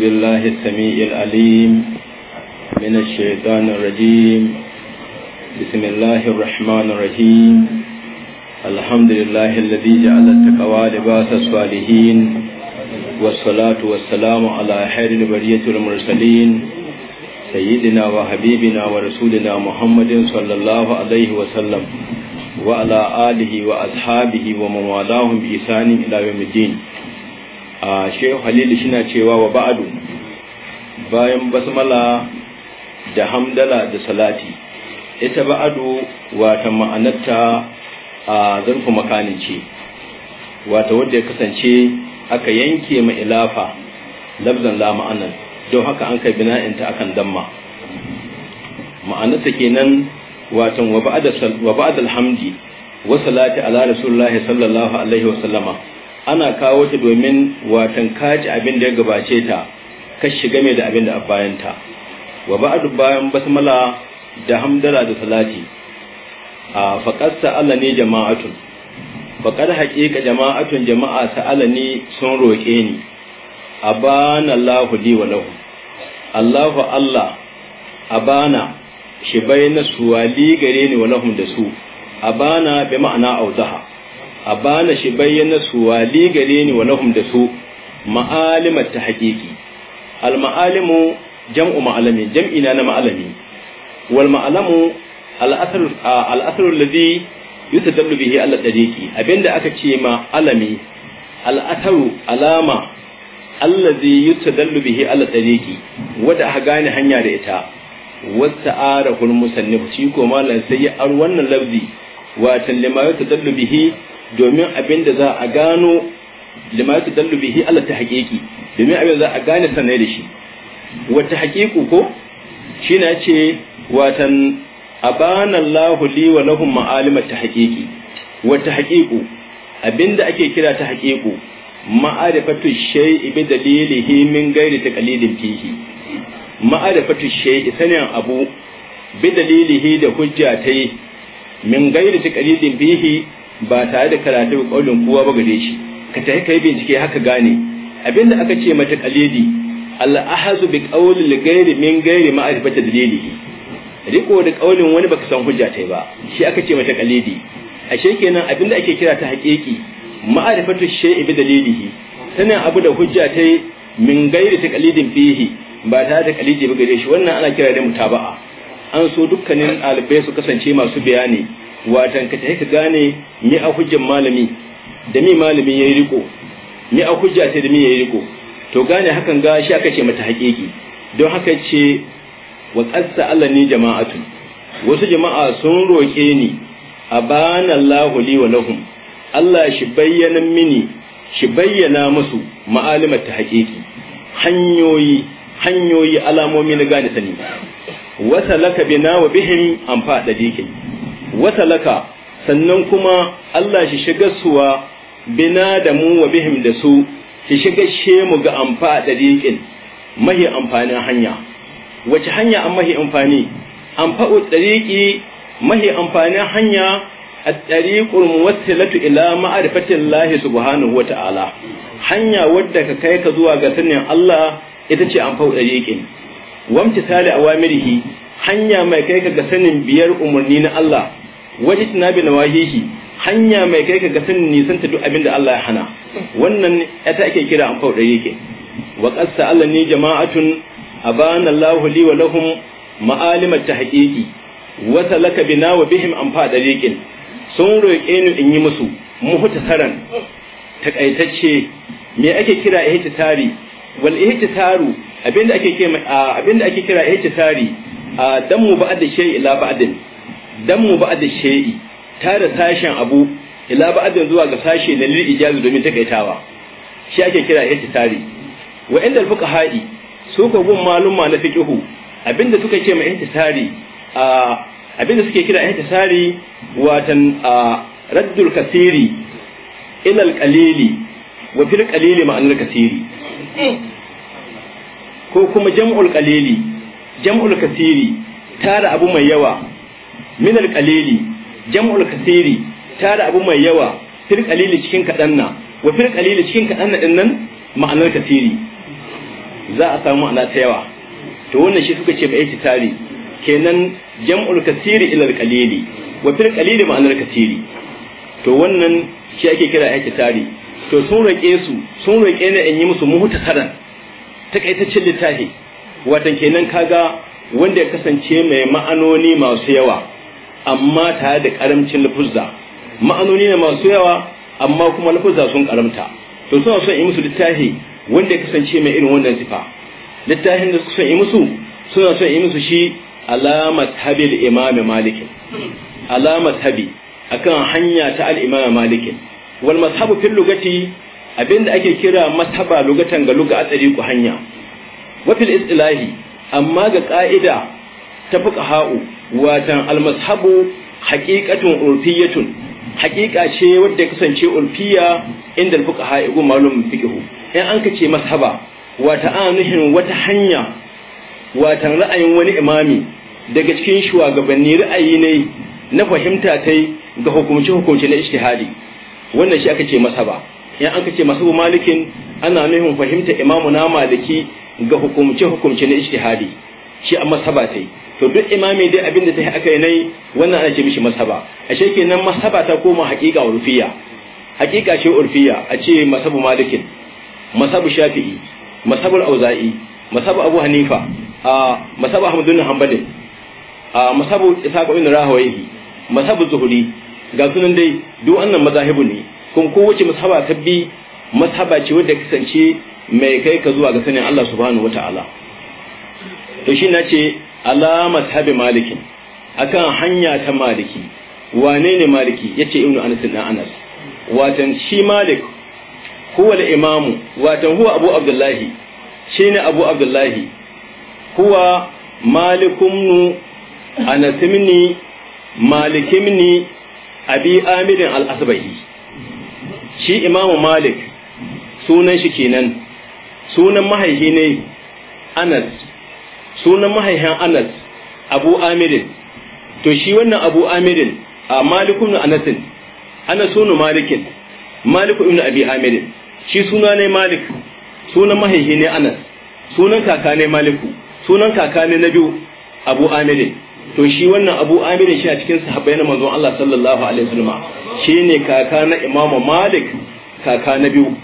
لله السميع العليم من الشيطان الرجيم بسم الله الرحمن الرحيم الحمد لله الذي جعل التقوى لباس الصالحين والصلاة والسلام على خير البرية المرسلين سيدنا وحبيبنا ورسولنا محمد صلى الله عليه وسلم وعلى آله وأصحابه ومن والاهم بإحسان إلى يوم الدين a shehu halilu shina cewa wa ba'adu bayan basmala da hamdala da salati ita ba'adu wata ma'anarta a zarfu makanin ce wata wadda ya kasance aka yanke ma ilafa labzan la ma'anar don haka an kai bina'inta akan damma ma'anarta kenan watan wa ba'ad alhamdi wa salati ala rasulullahi sallallahu alaihi wa sallama ana kawo ta domin watan kaji abin da ya gabace ta ka shiga mai da abin da bayan ta wa ba'du bayan basmala da hamdala da salati a faqad sa'ala ne jama'atun faqad haqiqa jama'atun jama'a sa'ala ne sun roke ni abana Allahu li wa lahu Allahu Allah abana shi bayyana suwali gare ni wa lahum da su abana bi ma'ana auzaha a bana shi bayyana su wali gare ni wa lahum da su ma'alimat ta haƙiƙi al ma'alimu jam'u ma'alami jam'i na ma'alami wal ma'alamu al asr al asr alladhi yutadallu bihi al tariqi abinda aka ce ma alami al asru alama alladhi yutadallu bihi al tariqi wata aka gane hanya da ita wata arahul musannif shi ko malam sai ya ar wannan lafzi wa tallima yutadallu bihi domin abin da za a gano lima dallu bihi Allah ta haƙiƙi domin abin da za a gane sanai da shi wata haƙiƙu ko shi na ce watan abana Allah li wa lahum ma'alima ta haƙiƙi wata haƙiƙu abin da ake kira ta haƙiƙu ma'arifatu shay bi dalilihi min ghairi taqlidin fihi ma'arifatu shay sanin abu bi dalilihi da hujja tai min ghairi taqlidin bihi ba tare da karatu kaulin kowa ba gare shi ka tafi kai bincike haka gane abinda aka ce mata qalidi al-ahazu bi qawli al-ghayri min ghayri ma'rifati dalilihi riko da kaulin wani baka san hujja tai ba shi aka ce mata qalidi ashe kenan abinda ake kira ta haƙiƙi ma'rifatu shay'i bi dalilihi tana abu da hujja tai min ghayri taqlidin fihi ba tare da qalidi ba gare shi wannan ana kira da mutaba'a an so dukkanin ɗalibai su kasance masu bayani watan ka tafi ka gane ni a hujjan malami da mi malami yayi riko ni a hujja sai da mi yayi riko to gane hakan ga shi aka ce mata haƙiƙi don haka ce wa qassa Allah ni jama'atu wasu jama'a sun roƙe ni abana Allahu li wa lahum Allah shi bayyana mini shi bayyana musu ma'alimar ta haƙiƙi hanyoyi hanyoyi alamomi na gane sani wasa laka bina wa bihim an faɗa dikin wata sannan kuma Allah shi shiga suwa bina da mu wa bihim da su shi shiga she mu ga amfa da riƙin mahi amfanin hanya wace hanya an mahi amfani amfa'u tsariƙi mahi amfanin hanya a tsariƙul muwassilatu ila ma'arifatin lahi subhanahu wa ta'ala hanya wadda ka kai ka zuwa ga sanin Allah ita ce amfa'u tsariƙin wamtisali awamirhi hanya mai kai ka ga sanin biyar umarni na Allah waje tunabi na wahihi hanya mai kai ka ga sanin nisan ta duk abin da Allah ya hana wannan ita ake kira an fauɗa yake wa qassa Allah ni jama'atun abana Allah li wa lahum ma'alim at-tahqiqi wa talaka bina wa bihim an fa yake sun roƙe ni in yi musu muhtasaran takaitacce me ake kira ihtitari wal ihtitaru abinda ake kira abinda ake kira dan mu ba'ad shay'i ila ba'din dan mu ba'ad shay'i tare sashen abu ila ba'din zuwa ga sashe na lil ijazi domin takaitawa shi ake kira tari wa inda fuqaha'i su ko gun maluma na fiqhu abinda suka ce ma ihtitari abinda suke kira ihtitari watan raddul kasiri ila al-qalili wa fil qalili ma'an al-kasiri eh. ko kuma jam'ul qalili jam'ul kasiri tara abu mai yawa min alqalili jam'ul kasiri tara abu mai yawa fil qalili cikin kadan na wa fil qalili cikin kadan na din nan ma'anar kasiri za a samu ma'ana ta yawa to wannan shi suka ce ba yake tare. kenan jam'ul kasiri ila alqalili wa fil qalili ma'anar kasiri to wannan shi ake kira yake tare, to sun rake su sun rake ne in yi musu muhtasaran takaitaccen littafi watan kenan kaga wanda ya kasance mai ma'anoni masu yawa amma tare da karamcin lafuzza ma'anoni ne masu yawa amma kuma lafuzza sun karamta to suna son yi musu littafi wanda ya kasance mai irin wannan sifa littafin da suka yi musu suna son yi musu shi alama habil imam malikin alama tabi akan hanya ta al-imam malikin wal mazhabu fil lugati abinda ake kira mazhaba lugatan ga luga a tsari ku hanya wafil istilahi amma ga ƙa'ida ta fuqaha'u watan almashabu haqiqatun urfiyatun Haƙiƙa ce wadda kasance urfiya inda fuqaha'i go malum fiqhu in an kace mashaba wata anuhin wata hanya watan ra'ayin wani imami daga cikin shugabanni ra'ayi ne na fahimta tai ga hukumce hukumce na ishtihadi wannan shi aka ce mashaba in aka ce masu malikin ana nuhin fahimta imamu na maliki ga hukumce hukumce na ijtihadi shi a masaba ta to duk imami dai abin da ta yi aka yi nai wannan ana ce mishi masaba ashe nan masaba ta koma hakika urfiya hakika ce urfiya a ce masabu malikin masabu shafi'i masabu auza'i masabu abu hanifa a masabu ahmadu hanbalin a masabu isaaqa ibn rahawayhi masabu zuhuri ga sunan dai duk wannan mazahibu ne kun kowace mashaba ta bi mashaba ce wadda kasance mai kai ka zuwa ga sanin Allah subhanahu wata'ala to shi na ce ala mazhabi malikin akan hanya ta maliki wane ne maliki yace ibnu anas dan anas watan shi malik huwa al imamu watan huwa abu abdullahi shi ne abu abdullahi huwa malikumnu anasimni malikimni abi amirin al-asbahi shi imamu malik sunan shi kenan sunan mahaihi ne anas sunan mahaihin anas abu amirin to shi wannan abu amirin a malikun anasin ana sunu malikin maliku ibn abi amirin shi suna ne malik sunan mahaihi ne anas sunan kaka ne maliku sunan kaka ne na biyu abu amirin to shi wannan abu amirin shi a cikin sahabbai na manzon Allah sallallahu alaihi wasallam ne kaka na imamu malik kaka na biyu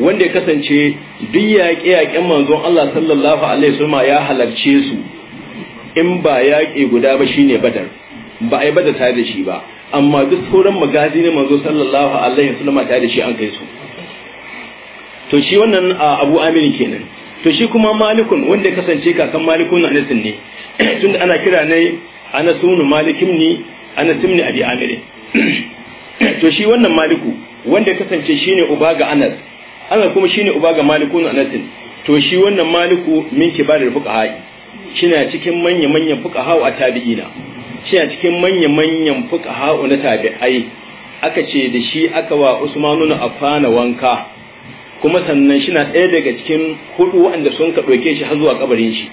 wanda ya kasance duk yaƙe yaƙen manzon Allah sallallahu alaihi wasallam ya halarce su in ba yaƙe guda ba shine badar ba ai badar tare da shi ba amma duk sauran magazi ne manzo sallallahu alaihi wasallam tare da shi an kai su to shi wannan abu amirin kenan to shi kuma malikun wanda ya kasance kakan malikun anas ne tunda ana kira ne anas ibn malikin ne anas ibn abi amir to shi wannan maliku wanda ya kasance shine uba ga anas anas kuma shine uba ga malikun anas to shi wannan maliku min kibarul fuqaha shina cikin manya-manyan fuqaha a tabi'ina shina cikin manya-manyan fuqaha na tabi'ai aka ce da shi aka wa Usmanu na afana wanka kuma sannan shi na ɗaya daga cikin hudu waɗanda sun ka ɗauke shi har zuwa kabarin shi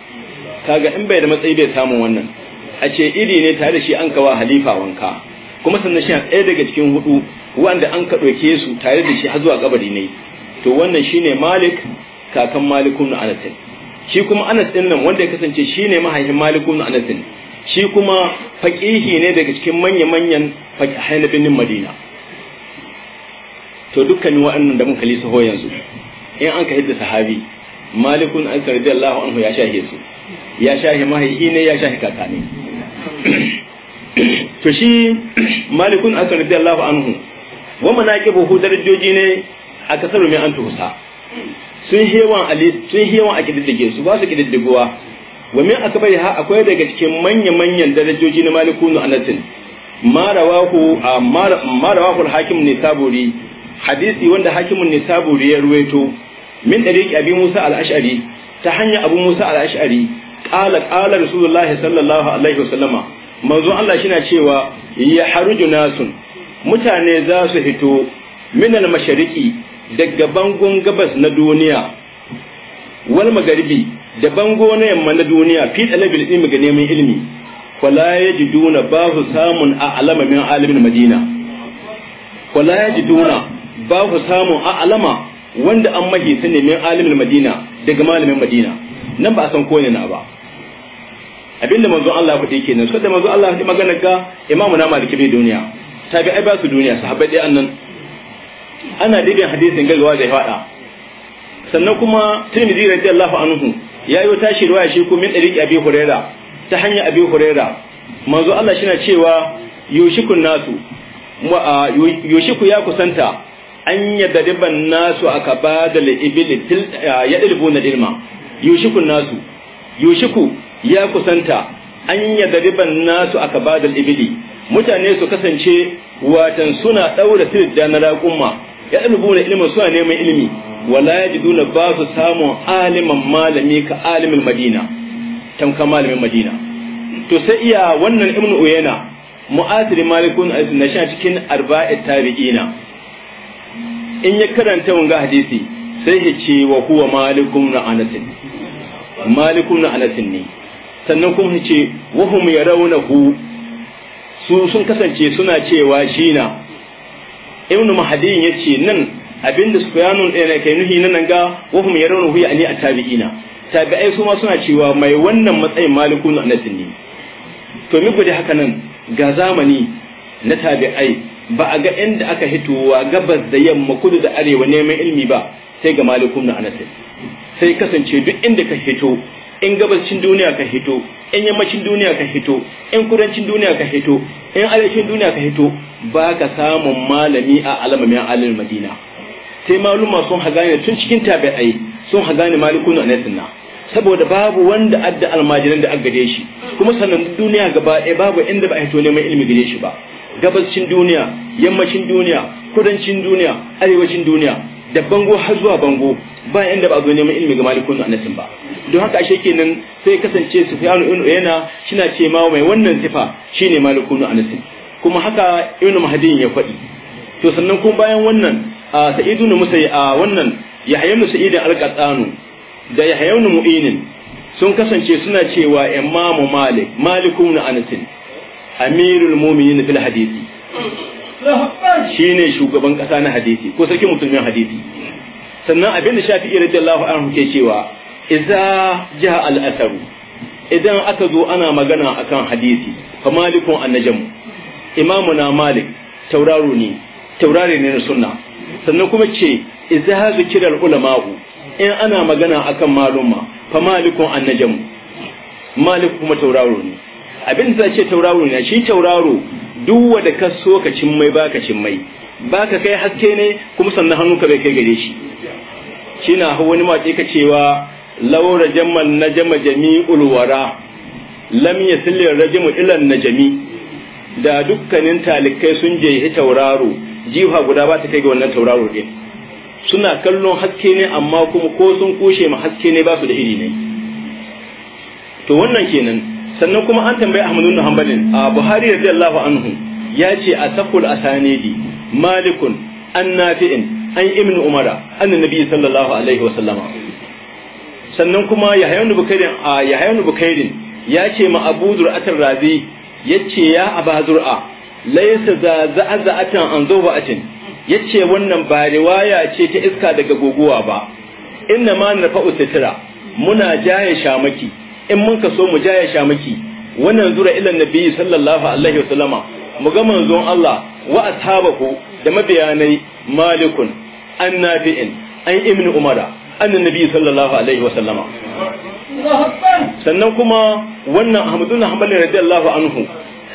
kaga in bai da matsayi bai samu wannan a ce iri ne tare da shi an kawa halifa wanka kuma sannan shi na ɗaya daga cikin hudu waɗanda an ka ɗauke su tare da shi har zuwa kabari ne to wannan shine malik kakan malikun na anasin shi kuma anas nan wanda ya kasance shine mahaifin malikun na anasin shi kuma faƙihi ne daga cikin manya-manyan faƙihai na birnin madina to dukkanin wa'annan da muka lisa ho yanzu in an ka hidda sahabi malikun an sardi Allahu anhu ya shahe su ya shahe mahaihi ne ya shahe kaka ne to shi malikun an sardi Allahu anhu wa manaqibu hu darajoji ne a kasar mai an tusa sun hewan ali sun hewan a kididdige su ba su kididdigowa wa min akbari ha akwai daga cikin manya-manyan darajoji na malikun anatin ma rawahu ma rawahu al-hakim ne saburi hadisi wanda hakimun nisaburi ya ruwaito min dariqi abi musa al-ash'ari ta hanya abu musa al-ash'ari qala qala rasulullahi sallallahu alaihi wasallama manzo Allah shi cewa ya haruju nasun mutane za su hito al mashariki daga bangon gabas na duniya wal magaribi da bango na yamma na duniya fi talabil ilmi ga neman ilmi wala yajiduna ba su samun a alama min alimin madina wala yajiduna ba ku a a'lama wanda an mahi ne min alimin madina daga malamin madina nan ba a san ko na ba abinda manzo Allah ku faɗi kenan so da manzo Allah ya magana ga imamu na maliki bi duniya tabi ai ba su duniya sahabbai dai annan ana dibe hadisin gaggawa da faɗa sannan kuma Tirmidhi radiyallahu anhu ya yi wata shi riwaya shi ko min dariqi Abi Huraira ta hanya Abi Huraira manzo Allah shi na cewa yushikun nasu yushiku ya kusanta an yadriban nasu aka ya ibil na dirma yushiku nasu yushiku ya kusanta an yadriban nasu aka da ibili mutane su kasance watan suna daura da na raƙumma na ilmin suna neman ilimi wala yajiduna ba su samun aliman malami ka alimin madina tamka malamin madina to sai iya wannan ibnu uyana mu'asiri malikun na sha cikin arba'in tabi'ina in ya karanta wanga hadisi sai ya ce wa huwa malikum na anasin malikum na anasin ne sannan kuma ya ce ya rauna hu su sun kasance suna cewa shi na ibnu ya ce nan abinda sufyanun ɗaya na kai nuhi nan ga ya hu ya yarawnahu a at-tabi'ina tabi'ai su ma suna cewa mai wannan matsayin na anasin ne to mi gudu haka nan ga zamani na tabi'ai ba a ga inda aka hitowa gabas da yamma kudu da arewa neman ilimi ba sai ga malikum na anas sai kasance duk inda ka hito in gabascin duniya ka hito in yammacin duniya ka hito in kudancin duniya ka hito in arewacin duniya ka hito ba ka samun malami a alamamin alil madina sai maluma sun hagani tun cikin tabi'ai sun hagane malikun anas na saboda babu wanda adda almajiran da aggade shi kuma sannan duniya gaba ɗaya babu inda ba a hito neman ilimi gare shi ba gabascin duniya yammacin duniya kudancin duniya arewacin duniya da bango har zuwa bango ba inda ba zo neman ilimi ga malikun annasin ba don haka ashe kenan sai kasance su sufyanu ibn yana shina ce ma mai wannan sifa shine malikun anasin kuma haka ibn mahdi ya faɗi to sannan kuma bayan wannan sa'idu Musa a wannan yahya ibn sa'id al da Yahya mu'inin sun kasance suna cewa Imamu Malik Malik ibn Amirul Mu'minin fil hadisi shine shugaban kasa na hadisi ko sarkin mutumin hadisi sannan abinda shafi radiyallahu anhu ke cewa idza jaha al idan aka zo ana magana akan hadisi fa malikun annajam imamu na malik tauraro ne tauraro ne na sunna sannan kuma ce idza zikira ulamau in ana magana akan maluma fa malikun annajam malik kuma tauraro ne abin da ce tauraro ne shi tauraro duk wanda ka so ka cin mai baka cin mai baka kai haske ne kuma sannan hannunka bai kai gare shi shina wani mace ka cewa laura jamal najama jami'ul wara lam yasilir rajmu ila najami da dukkanin talikai sun je tauraro jiha guda ba ta kai ga wannan tauraro din suna kallon haske ne amma kuma ko sun kushe ma haske ne ba su da iri ne to wannan kenan sannan kuma an tambayi Ahmadu bin Hanbalin a Buhari radiyallahu anhu ya ce a saful asanidi malikun an nafi'in an ibn umara annabi nabi sallallahu alaihi wa sallama sannan kuma Yahya ibn Bukairin a Yahya ibn Bukairin ya ce ma Abu Zur'at razi yace ya Aba Zur'a laysa za za'atan an atin ya ce wannan ba riwaya ce ta iska daga guguwa ba inna ma na usitira muna jaye shamaki in mun ka so mu jaye shamaki wannan zura ilan nabi sallallahu alaihi wasallama mu ga manzon Allah wa ashabahu da mabiyanai malikun an nafi'in an ibnu umara annan nabi sallallahu alaihi wasallama sannan kuma wannan ahmadun hanbali radiyallahu anhu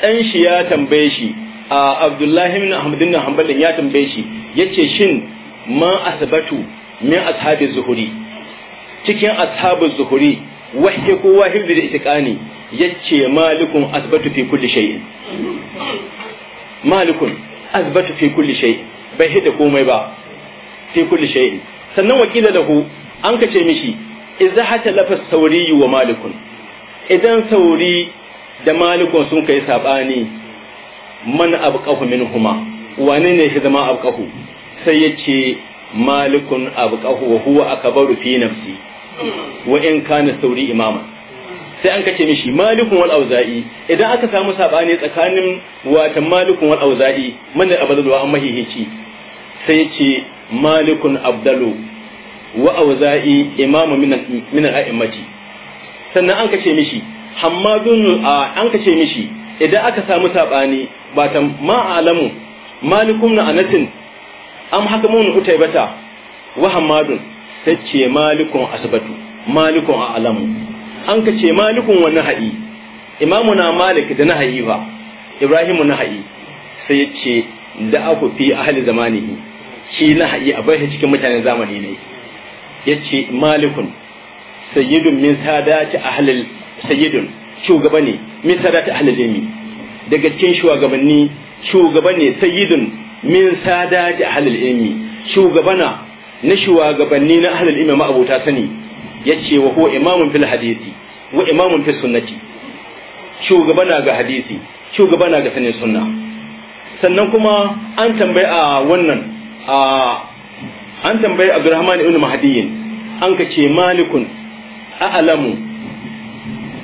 dan shi ya tambaye shi abdullahi ibn ahmad ibn hanbal ya tambaye shi yace shin ma asbatu min ashabi zuhuri cikin ashabu zuhuri wahi ko wahi da itiqani yace malikun asbatu fi kulli shay'in malikun asbatu fi kulli shay bai hita komai ba fi kulli shay sannan wakila lahu an kace mishi idza hata lafa sauri wa malikun idan sauri da malikun sun kai sabani man abqahu minhuma wane ne shi zama abqahu sai yace malikun abqahu wa huwa akbaru fi nafsi wa in kana sauri imama sai an kace mishi malikun wal auza'i idan aka samu sabani tsakanin watan malikun wal auza'i man abdalu wa mahihici sai yace malikun abdalu wa auza'i imamu min min sannan an kace mishi hammadun an kace mishi idan aka samu saɓani ba ta ma'alamu malikum na anatin am haka mun hutai bata wa hamadun ta ce malikun asbatu malikun alamu an ka ce malikun wani ha'i imamu na malik da na ha'i ba ibrahimu na ha'i sai ya ce da aku fi ahli zamanihi shi na ha'i a bai cikin mutanen zamani ne ya ce malikun sayyidun min sadati ahli sayyidun shugaba ne min sadati ahlul ilmi daga cikin shugabanni shugaba ne sayyidun min sadati ahlul ilmi shugabana na shugabanni na ahlul ilmi ma abota sani yace wa huwa imamun fil hadisi wa imamun fil sunnati shugabana ga hadisi shugabana ga sanin sunna sannan kuma an tambayi a wannan a an tambayi Abdurrahman ibn Mahdiyin an ka ce malikun a'lamu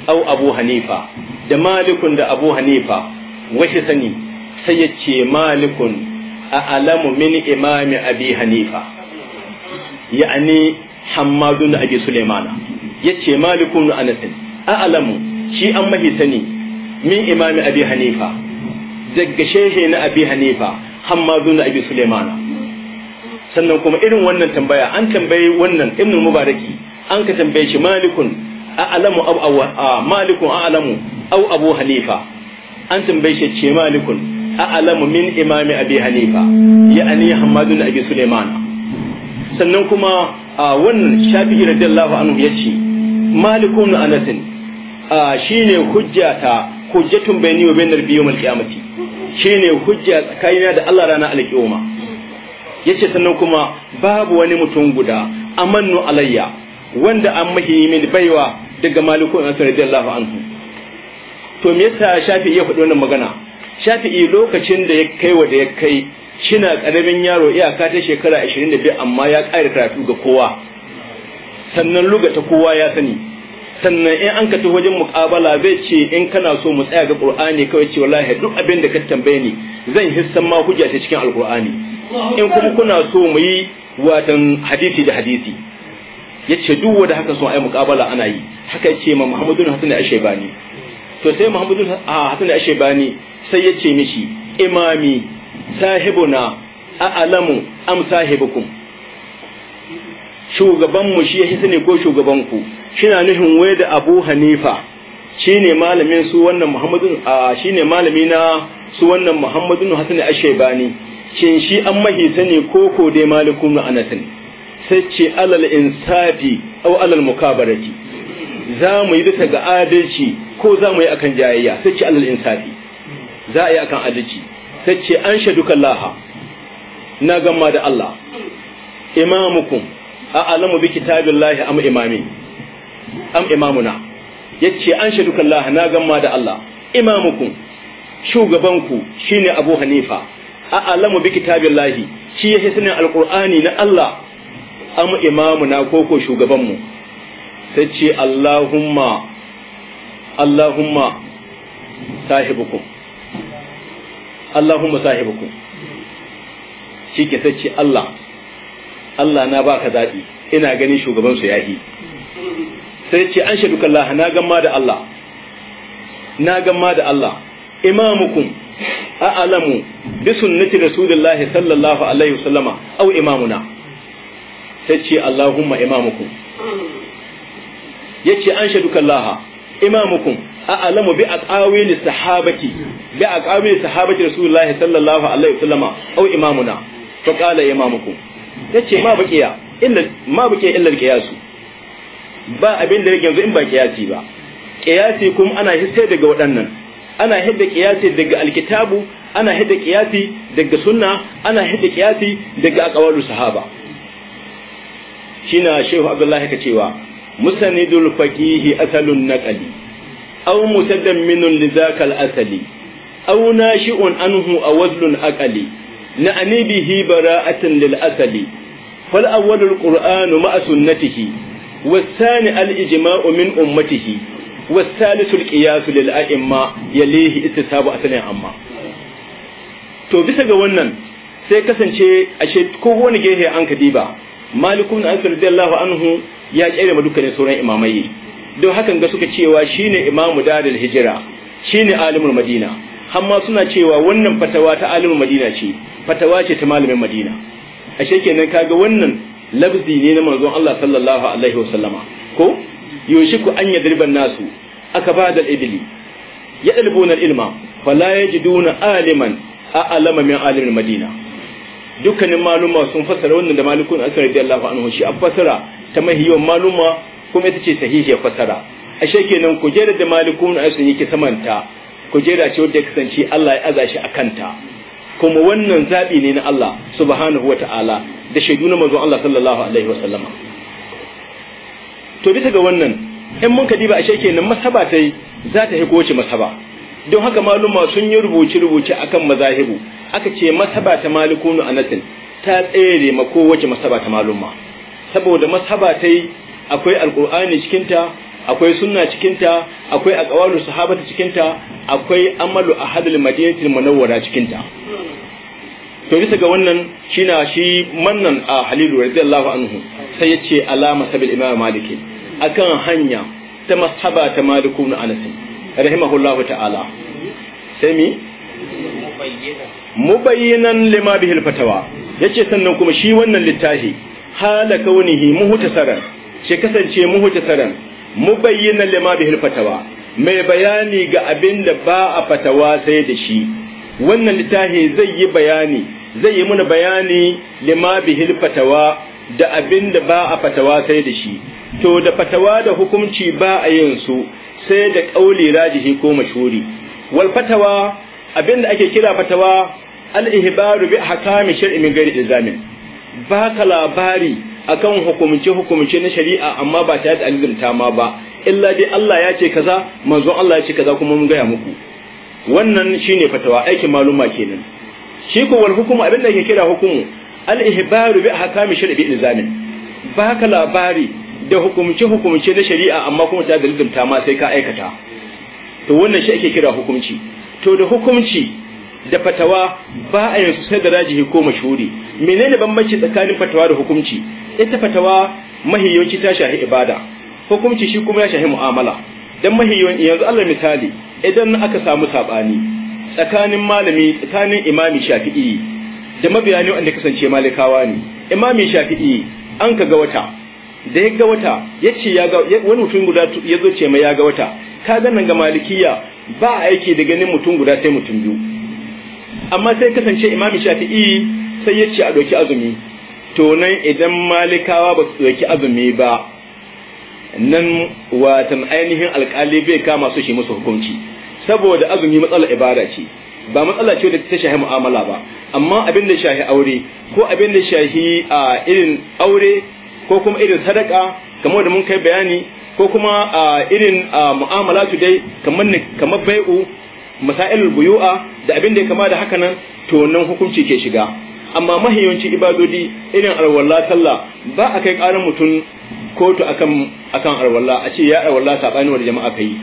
au abu hanifa da malikun da abu hanifa washi sani sai ya ce malikun a alamu min imami abi hanifa ya'ani hammadun da abi sulaimana ya ce malikun anasin a alamu shi an mahi sani min imami abi hanifa daga shehe na abi hanifa hammadun da abi sulaimana sannan kuma irin wannan tambaya an tambayi wannan ibnul mubaraki an ka tambaye shi malikun a'lamu aw aw malikun a'lamu aw abu hanifa an tambaye shi ce malikun a'lamu min imami abi hanifa ani hamadu da abi suleiman sannan kuma wannan shafi'i radiyallahu anhu yace malikun anas shine hujjata hujjatun bayni wa bainar biyumil qiyamati shine hujja tsakanina da Allah rana alqiyama yace sannan kuma babu wani mutum guda amannu alayya wanda an mahi min baiwa daga malikun an radiyallahu anhu to me yasa shafi ya faɗi wannan magana shafi'i lokacin da ya kai wa da ya kai shina karamin yaro iyaka ta shekara 25 amma ya ƙara karatu ga kowa sannan luga kowa ya sani sannan in an ka wajen muƙabala zai ce in kana so mu tsaya ga qur'ani kawai ce wallahi duk abin da ka tambaye ni zan hissan ma hujja ta cikin alqur'ani in kuma kuna so mu yi watan hadisi da hadisi yace duk wanda haka son ai muqabala ana yi haka yace ma Muhammadun Hasan al-Shaybani to sai Muhammadun ah, Hasan al-Shaybani sai yace mishi imami sahibuna a'lamu am sahibukum shugaban mu shi yace ne ko shugaban ku shina nufin wai da Abu Hanifa shine malamin su wannan Muhammadun ah, shine malami na su wannan Muhammadun Hasan al-Shaybani shin shi an mahi sani ko ko dai malikun anas ne sai ce alal insafi au alal mukabarati za mu yi bisa ga adalci ko za mu yi akan jayayya sai ce alal insafi za a yi akan adalci sai ce an shaduka laha na gama da Allah imamukum a alamu bi kitabillahi am imami am imamuna yace an shaduka laha na gama da Allah imamukum shugabanku shine Abu Hanifa a alamu bi kitabillahi shi yake sanin alqur'ani na Allah am imamuna ko ko shugabanmu sai ce Allahumma Allahumma sahibukum Allahumma sahibukum shi ke sai ce Allah Allah na baka zaɓi ina ganin shugabansu yahi sai ce an shaɗu kallaha na gamma da Allah na gamma da Allah imamukum Bisun bi sunnati rasulillahi sallallahu alaihi wasallama au imamuna sai ce Allahumma imamukum yace an shaduka kallaha imamukum a a'lamu bi aqawili sahabati bi aqawili sahabati rasulullahi sallallahu alaihi wasallam aw imamuna fa qala imamukum tace ma bakiya illa ma bakiya illa qiyasu ba abin da yake yanzu in ba qiyasi ba qiyasi kuma ana hisse daga waɗannan ana hidda qiyasi daga alkitabu ana hidda qiyasi daga sunna ana hidda qiyasi daga aqawalu sahaba Shina shehu abdullahi ka cewa musanidul faqihi asalun naqali aw minun lidhakal asali aw nashi'un anhu na aqali na'ani a bara'atan lil asali fal awwalul qur'anu ma'a sunnatihi والثاني الإجماع من أمته والثالث القياس للأئمة يليه استتاب أصل amma. to bisa ga wannan sai kasance ashe kowane gehe an diba. malikun anas radiyallahu anhu ya kere ma dukkanin sauran imamai don hakan ga suka cewa shine imamu darul hijira shine alimul madina amma suna cewa wannan fatawa ta alimul madina ce fatawa ce ta malamin madina ashe kenan kaga wannan lafzi ne na manzon Allah sallallahu alaihi wasallama ko yoshi ku an yadriban nasu aka ba da ibli ya dalbuna ilma fala yajiduna aliman a alama min alimul madina dukkanin maluma sun fassara wannan da malikun asar radiyallahu anhu shi an fasara ta mahiyon maluma kuma ita ce sahihi ya fasara. ashe kenan kujera da malikun asar yake samanta kujera ce wanda ya kasance Allah ya aza shi akanta kuma wannan zabi ne na Allah subhanahu wata'ala da shaidu na manzon Allah sallallahu alaihi wasallama to bisa ga wannan in mun kadiba ashe kenan masaba tai za ta hiko wace masaba don haka maluma sun yi rubuce rubuce akan mazahibu aka ce masaba ta malikunu anasin ta tsere ma kowace masaba ta malumma saboda masaba ta yi akwai alkur'ani cikinta akwai sunna cikinta akwai akawalu sahabata cikinta akwai amalu hadal madinatil munawwara cikinta to bisa ga wannan shina shi mannan a halilu radiyallahu anhu sai ya ce alama sabil imam maliki akan hanya ta masaba ta malikun anas rahimahullahu ta'ala sai mi mubayyinan lima bihil fatawa yace sannan kuma shi wannan littafi hala kaunihi muhtasaran shi kasance muhtasaran mubayyinan lima bihil fatawa mai bayani ga abin da ba a fatawa sai da shi wannan littafi zai yi bayani zai yi mana bayani lima bihil fatawa da abin da ba a fatawa sai da shi to da fatawa da hukunci ba a yin su sai da kauli rajihi ko mashuri wal fatawa Abin da ake kira fatawa al-ihbaru bi ahkami shar'i min ghairi ilzamin baka labari akan hukumce hukumce na shari'a amma ba ta da alizumta ma ba illa dai Allah ya ce kaza manzo Allah ya ce kaza kuma mun gaya muku wannan shine fatawa aikin maluma kenan shi ko wal hukumu da ake kira hukumu al-ihbaru bi ahkami shar'i bi ilzamin baka labari da hukumce hukumce na shari'a amma kuma ta da alizumta ma sai ka aikata to wannan shi ake kira hukumci to da hukumci da fatawa ba a yanzu sai da rajihi ko mashuri menene bambanci tsakanin fatawa da hukumci? ita fatawa mahiyoci ta shahi ibada hukunci shi kuma ya shahi mu'amala dan mahiyan yanzu Allah misali idan aka samu sabani tsakanin malami tsakanin imami shafi'i da mabiyani wanda kasance malikawa ne imami shafi'i an ka ga wata da ya ga wata yace ya ga wani mutum guda ya zo ce mai ya ga wata ka ga nan ga malikiya ba a aiki da ganin mutum guda sai mutum biyu amma sai kasance imami shafi'i sai ya ce a ɗauki azumi to nan idan malikawa ba su ɗauki azumi ba nan watan ainihin alkali bai kama su shi musu hukunci saboda azumi matsalar ibada ce ba matsala ce da ta shahi mu'amala ba amma abin da shahi aure ko abin da shahi a irin aure ko kuma irin sadaka kamar da mun kai bayani ko kuma irin mu'amala mu'amalatu dai kamar kamar bai'u masailul buyu'a da abin da ya kama da haka nan to nan hukunci ke shiga amma mahiyanci ibadodi irin alwala sallah ba a kai karin mutum kotu akan akan alwala a ce ya alwala sabani wa jama'a kai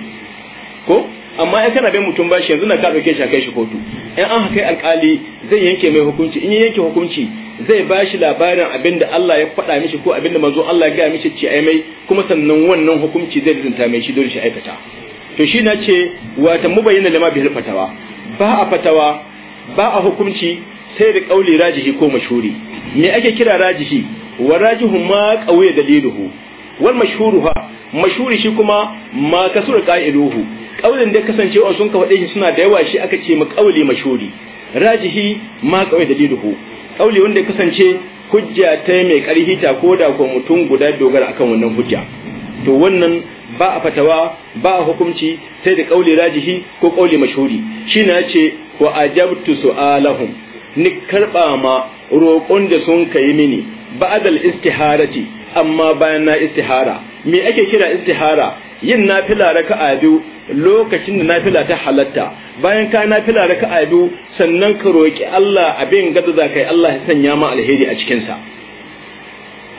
ko amma in kana bai mutum ba shi yanzu na ka dauke shi kai shi kotu in an kai alkali zai yanke mai hukunci in ya yanke hukunci zai ba shi labarin abin da Allah ya faɗa mishi ko abin da manzo Allah ya gaya mishi ce ai mai kuma sannan wannan hukunci zai dinta mai shi dole shi aikata to shi na ce wata mu bayyana lima bihil fatawa ba a fatawa ba a hukunci sai da kauli rajihi ko mashhuri me ake kira rajihi wa rajihu ma qawiy daliluhu wal mashhuru ha mashhuri shi kuma ma kasur qa'iluhu kaulin da kasance wa sun ka faɗe shi suna da yawa shi aka ce ma kauli mashhuri rajihi ma qawiy daliluhu kauli wanda ya kasance hujja ta mai karhi ta koda ko mutum guda dogara akan wannan hujja to wannan ba a fatawa ba a hukunci sai da kauli rajihi ko kauli mashhuri shine yace wa ajabtu su'alahum ni karba ma roƙon da sun kai mini ba'dal istiharati amma bayan na istihara me ake kira istihara yin nafila raka'a biyu lokacin da nafila ta halatta bayan ka nafila raka'a biyu sannan ka roki Allah abin gada za kai Allah ya sanya ma alheri a cikin sa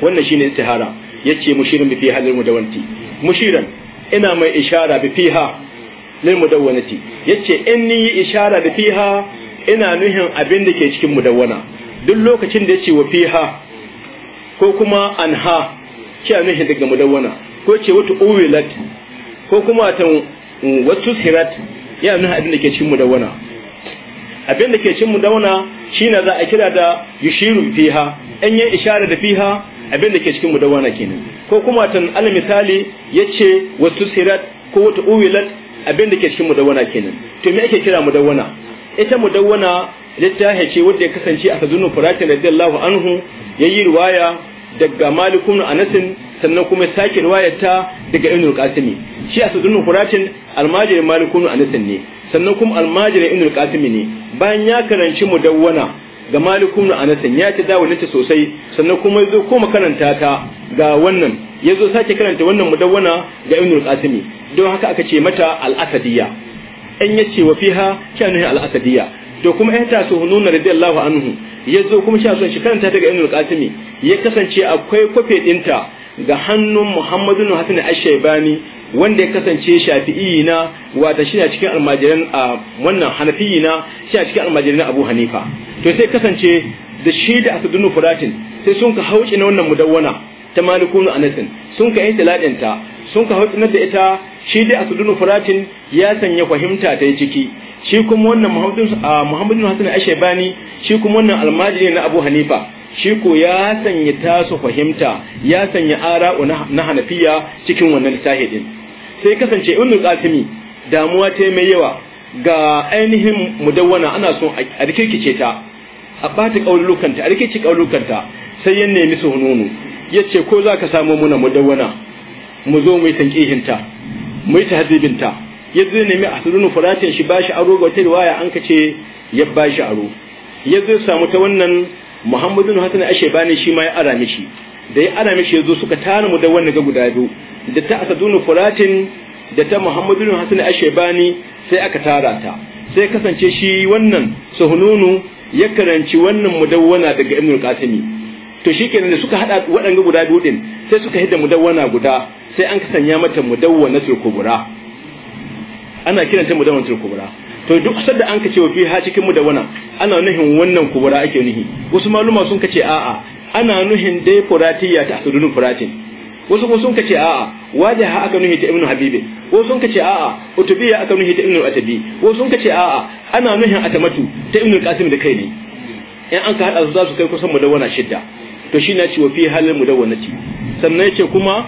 wannan shine istihara yace mushirin bi fi halil mudawanti mushiran ina mai ishara bi fiha lil mudawanti yace in ni yi ishara bi fiha ina nuhin abin da ke cikin mudawana duk lokacin da yace wa fiha ko kuma anha ce a mishi daga mudawwana ko ce wata uwilat ko kuma mm, ta wasu sirat ya nuna abin da ke cikin mudawwana abin da ke cikin shi na za a kira da yushiru fiha an yi ishara da fiha abin da ke cikin mudawwana kenan ko kuma ta al misali ce wasu sirat ko wata uwilat abin da ke cikin mudawwana kenan to me ake kira mudawwana ita mudawwana littafi ce wanda ya kasance a sadunin Furatin radiyallahu anhu yayi riwaya daga malikun anasin sannan kuma sake ta daga Ibn Kasimi shi a Asadun Furatin almajiri malikun anasin ne sannan kuma almajiri Ibn Kasimi ne bayan ya karanci mudawwana ga malikun anasin ya ci dawalinta sosai sannan kuma yazo koma karanta ta ga wannan yazo sake karanta wannan mudawwana ga Ibn Kasimi don haka aka ce mata al-Asadiyya in yace wa fiha kanu al to kuma ya ta su hununa radiyallahu anhu ya zo kuma sha son shi karanta daga inul qasimi ya kasance akwai kofe dinta ga hannun muhammadu bin hasan ash-shaybani wanda ya kasance shafi'i na wata shi na cikin almajiran a wannan hanafi'i na shi na cikin almajiran abu hanifa to sai kasance da shi da asudunu furatin sai sun ka hauce na wannan mudawwana ta malikunu anasin sun ka yi ta sun ka hauce na da ita shi da asudunu furatin ya sanya fahimta ta yi ciki shi kuma wannan Muhammadu bin Hassan Ashebani shi kuma wannan almajiri na Abu Hanifa shi ko ya sanya tasu fahimta ya sanya ara na Hanafiya cikin wannan littafi din sai kasance Ibn Qasimi damuwa ta mai yawa ga ainihin mudawwana ana son a rikirkice ta a bata kaulukanta a rikici kaulukanta sai ya nemi su hununu yace ko za ka samu muna mudawwana mu zo mu yi tankihinta mu yi tahdibinta ya zo nemi asirinu furatin shi bashi aro ga wata waya an ka ce ya bashi aro ya zo samu ta wannan muhammadun hasan ashebani shi ma ya ara mishi da ya ara mishi ya zo suka tara mu da wannan ga guda biyu da ta asadunu furatin da ta muhammadun hasan bani sai aka tara ta sai kasance shi wannan sahununu ya karanci wannan mudawwana daga ibnul qasimi to shikenan da suka hada waɗanga guda biyu din sai suka hidda mudawwana guda sai an kasanya mata mudawwana sulkubura ana kiranta mudawanatul kubura. to duk sadda an kace wa fi ha cikin mudawana ana nuhin wannan kubura ake nuhi wasu maluma sun kace a'a ana nuhin dai furatiyya ta asudun furatin wasu kuma sun kace a'a ha aka nuhi ta ibnu habibi wasu sun kace a'a utubiyya aka nuhi ta ibnu atabi wasu sun kace a'a ana nuhin atamatu ta ibnu qasim da kai ne in an ka hada su za su kai kusan mudawana shidda to shi na ce wa fi halin ce sannan yace kuma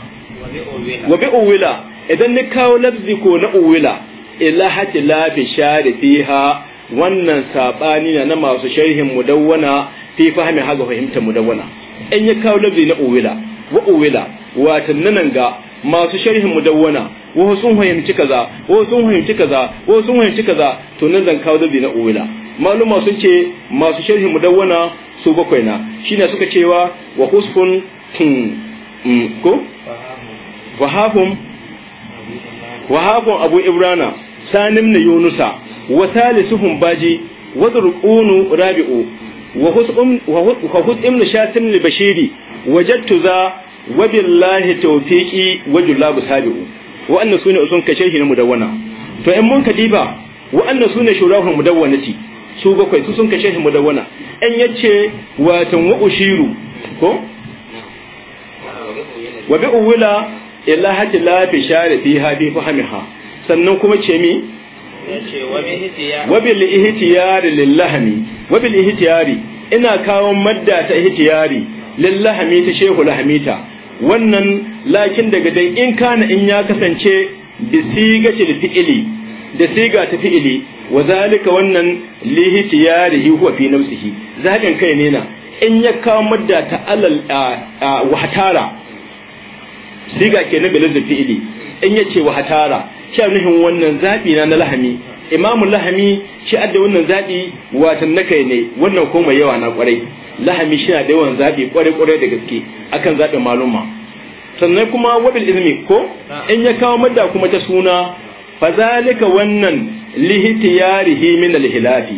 wa bi uwila idan ni kawo lafzi ko na uwila ilahati la bishari fiha wannan sabani na na masu sharhin mudawwana fi fahimi haga fahimta mudawwana in ya kawo labzi na uwila wa uwila watan nan ga masu sharhin mudawwana wa sun fahimci kaza wa sun fahimci kaza wa sun fahimci kaza to nan zan kawo labzi na uwila maluma sun ce masu sharhin mudawwana su bakwai na shine suka cewa wa husfun ko wahafun abu ibrana sanim na yunusa wa salisuhum baji wa zurqunu rabi'u wa husum wa husum shatim li bashiri wajadtu za wa billahi tawfiqi wa julabu sabiu wa anna sunna usun ka shehi na mudawwana to in mun kadiba wa anna sunna shurahul mudawwanati su bakwai su sun ka shehi mudawwana an yace watan wa ushiru ko wa bi uwila illa hati la fi share fi hadi fahmiha sannan kuma ce mi wabil ihtiyari lillahami wabil ihtiyari ina kawo madda ta ihtiyari lillahami ta shehu lahamita wannan lakin daga dan in kana in ya kasance bi til fi'ili da siga ta fi'ili wa zalika wannan lihtiyarihi huwa fi nafsihi zaɓin kai ne na in ya kawo madda ta alal wahtara siga kenan bilin fi'ili in ya ce wa hatara shi nuhin wannan zaɓi na na lahami imamu lahami shi adda wannan zaɓi watan na kai ne wannan ko yawa na kwarai lahami shi na da yawan zaɓi kwarai kwarai da gaske akan zaɓin maluma sannan kuma wabil izmi ko in ya kawo madda kuma ta suna fa fazalika wannan lihtiyarihi min alhilafi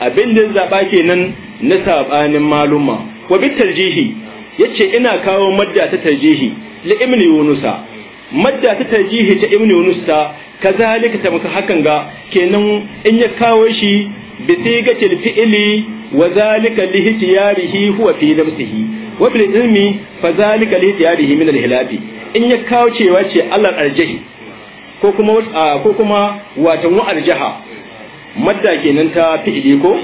abin da zaɓa kenan na sabanin maluma wa tarjihi yace ina kawo madda ta tarjihi li ibn yunusa madda ta tarjihi ta ibn yunus ta kazalika ta maka hakan ga kenan in ya kawo shi bi sigatil fi'li wa zalika li ihtiyarihi huwa fi nafsihi wa bil ilmi fa zalika li ihtiyarihi min al hilafi in ya kawo cewa ce Allah arjahi ko kuma ko kuma watan wa arjaha madda kenan ta fi'li ko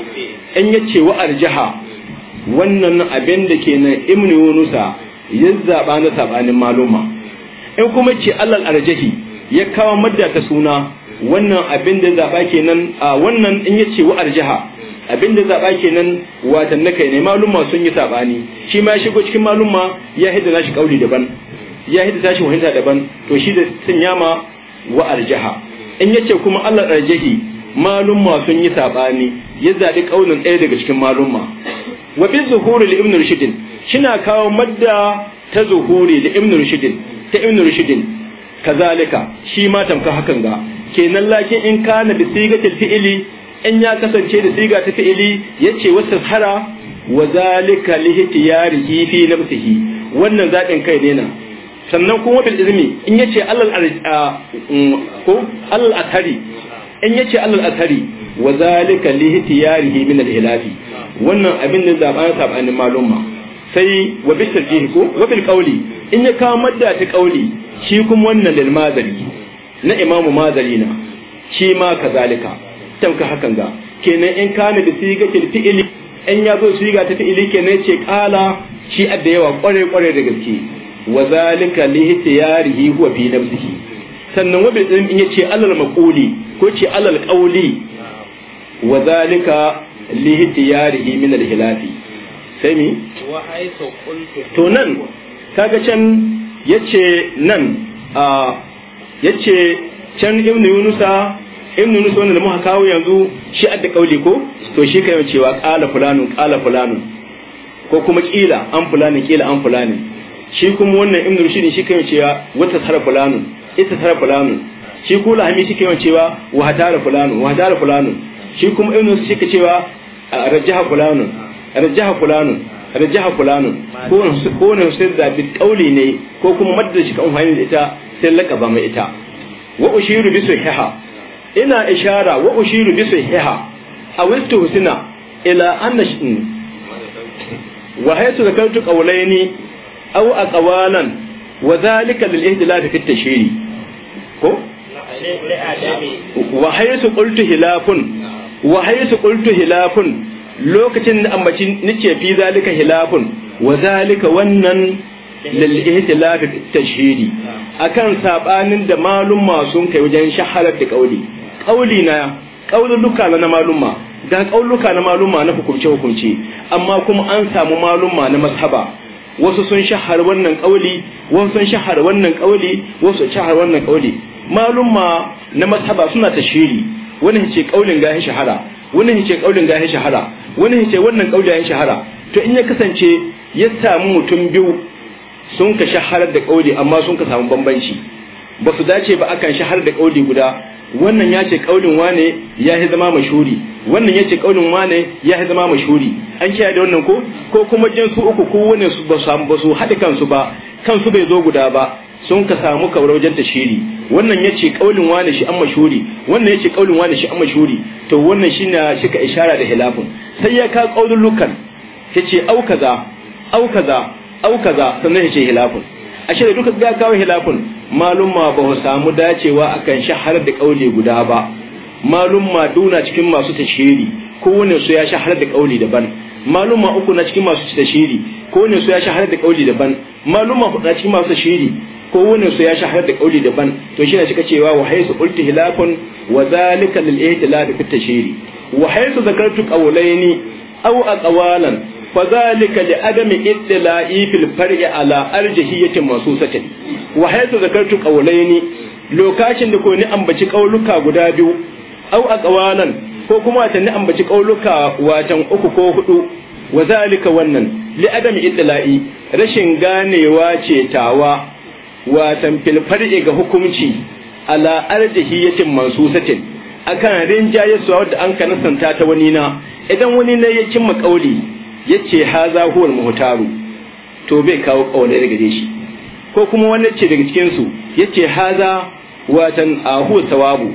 in ya ce wa arjaha wannan abin da kenan ibn yunusa ya zaba na sabanin maluma in kuma ce alal arjahi ya kawo madda ta suna wannan abin da zaba kenan a wannan in yace wa arjaha abin da zaba kenan watan na kai ne maluma sun yi sabani shi ma shigo cikin maluma ya hidda nashi kauli daban ya hidda tashi wahinta daban to shi da sun yama wa arjaha in yace kuma alal arjahi maluma sun yi sabani ya zaɓi kaulin ɗaya daga cikin maluma wa bi zuhuri ibn rushdin shina kawo madda ta zuhuri da ibn rushidin ta ibn rushidin kazalika shi ma tamka hakan ga kenan lakin in kana bi sigatil fi'ili in ya kasance da siga ta fi'ili yace wasa hara wa zalika li ihtiyarihi fi nafsihi wannan zaɓin kai ne nan sannan kuma bil izmi in yace allal mm, ko allal athari in yace allal athari wa zalika li ihtiyarihi min al hilafi wannan abin da zaban sabanin malumma sai wa bi tarjihi ko wa bil qawli in ya kawo madda ta qawli shi kuma wannan lil mazari na imamu mazari na shi ma kazalika tauka hakan ga kenan in kana da ta fi'ili in ya zo siga ta fi'ili kenan ce qala shi adda yawa kware kware da gaske wa zalika li ihtiyarihi huwa fi nafsihi sannan wa bil in ce alal maquli ko ce alal qawli wa zalika li ihtiyarihi min al hilafi sai mi to nan kaga can yace nan a yace can ibnu yunusa ibnu yunusa wannan muka kawo yanzu shi adda kauli ko to shi kai cewa qala fulanun qala fulanun ko kuma kila an fulanin kila an fulanin shi kuma wannan ibnu rushidin shi kai cewa wata tara fulanu ita tara fulanu shi ko lahami shi kai cewa wa hadara fulanun wa hadara fulanun shi kuma ibnu shi kai cewa rajaha fulanun rajjaha fulanun rajjaha fulanun ko ko ne sai da bi kauli ne ko kuma madda shi kan hanyar ita sai lakaba mai ita wa ushiru bi sahiha ina ishara wa ushiru bi sahiha awiltu husna ila anna wa haythu zakartu qawlaini aw aqwalan wa dhalika lil ihtilaf fi at-tashhiri ko wa haythu qultu hilafun wa haythu qultu hilafun lokacin da ambaci nake fi zalika hilafun wa zalika wannan lil ihtilaf tashhidi akan sabanin da malumma sun kai wajen shaharar da kauli kauli na kaululuka na malumma ga kauluka na malumma na hukunce hukunce amma kuma an samu malumma na mashaba wasu sun shahar wannan kauli wasu sun shahar wannan kauli wasu shahar wannan kauli malumma na mashaba suna tashhiri wani ce kaulin gahi shahara wani ce kaulin gahi shahara wani ce wannan ƙauya ya shahara to in ya kasance ya samu mutum biyu sun ka shaharar da ƙauli amma sun ka samu bambanci ba su dace ba akan shahar da ƙauli guda wannan ya ce ƙaunin wane ya yi zama mashuri wannan ya ce ƙaunin wane ya yi zama mashuri an kiyaye da wannan ko ko kuma jin su uku ko wani su ba su haɗe kansu ba kansu bai zo guda ba sun ka samu ta tashiri wannan ya ce ƙaunin wane shi an mashuri wannan ya ce ƙaunin wane shi an mashuri to wannan shi na ka ishara da hilafin sai ya ka qaululukan ce au kaza au kaza au kaza sannan ce hilafun ashe da duka ya kawo hilafun malumma ba samu dacewa akan shahar da kauli guda ba malumma duna cikin masu tashiri kowane su ya shahar da kauli daban maluma uku na cikin masu tashiri kowane su ya shahar da kauli daban maluma hudu na cikin masu tashiri ko wani su ya shahara da kauli daban to shi ne shi cewa wa haisu qultu hilafun wa zalika lil ihtilaf fi tashiri wa haisu zakartu qawlaini aw aqwalan fa zalika li adami ittila'i fil far'i ala arjihiyati masusatin wa haisu zakartu qawlaini lokacin da ko ni ambaci kauluka guda biyu aw aqwalan ko kuma watan ni ambaci kauluka watan uku ko hudu wa zalika wannan li adami ittila'i rashin ganewa ce tawa watan tamfil ga hukumci ala arjihiyatin mansusatin akan rinjaye su wadda an ka nasanta ta wani na idan wani ne ya cimma kauli yace haza huwal muhtaru to bai kawo kaulai daga shi ko kuma wani ce daga cikin su yace haza watan ahu sawabu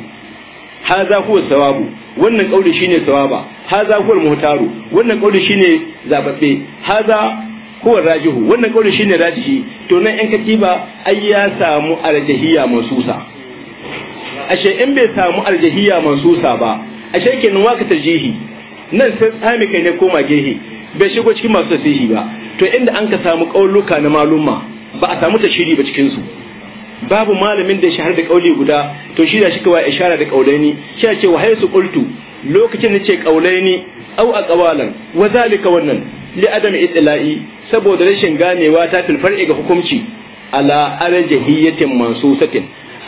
haza huwar sawabu wannan kauli shine sawaba haza huwal muhtaru wannan kauli shine zababbe haza Kuwar rajihu wannan kauli ne rajihi to nan in katiba ai ya samu arjahiyya mansusa ashe in bai samu aljahiya mansusa ba ashe kenan waka tarjihi nan sai tsami kai ne koma gehe bai shigo cikin masu tasihi ba to inda an ka samu kauluka na maluma ba a samu tashiri ba cikin su babu malamin da shahar da kauli guda to shi da shi kawai ishara da kaulaini shi ya ce wa haisu qultu lokacin da ce kaulaini au aqwalan wa zalika wannan li adam itla'i saboda rashin ganewa ta filfar'i ga hukunci ala arjahiyatin mansusatin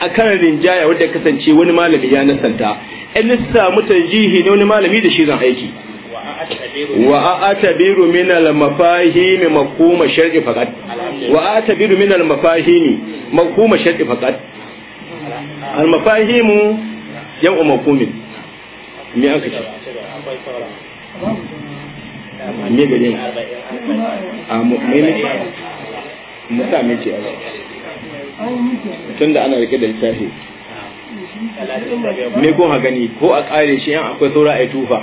akan rinjaya wanda kasance wani malami ya nasanta in lissamu tarjihi ne wani malami da shi zan aiki wa atabiru min al-mafahimi mafhum shar'i faqat wa atabiru min al-mafahimi makuma shar'i faqat al-mafahimu jam'u mafhumin me aka ce me gare mu a musa mai tun da ana rike da littafi me kun ha gani ko a kare shi yan akwai saura a tufa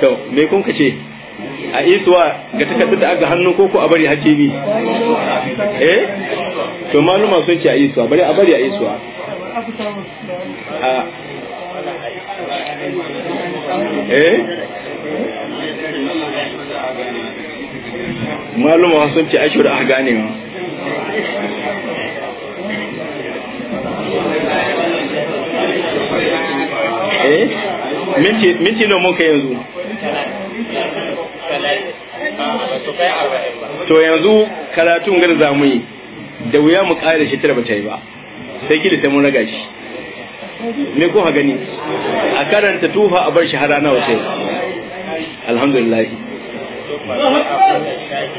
to me kun kace ce a isuwa ga takardar da aka hannu ko ko a bari hakimi eh to maluma sun ce a isuwa bari a bari a isuwa Eh? maluma sun ce ashe a gane ma eh minti minti nawa muka yanzu to yanzu karatun gar mu yi da wuya mu kare shi tara ba ta yi ba sai kila sai mun raga shi me ko gani a karanta tufa a bar shi har rana wace alhamdulillah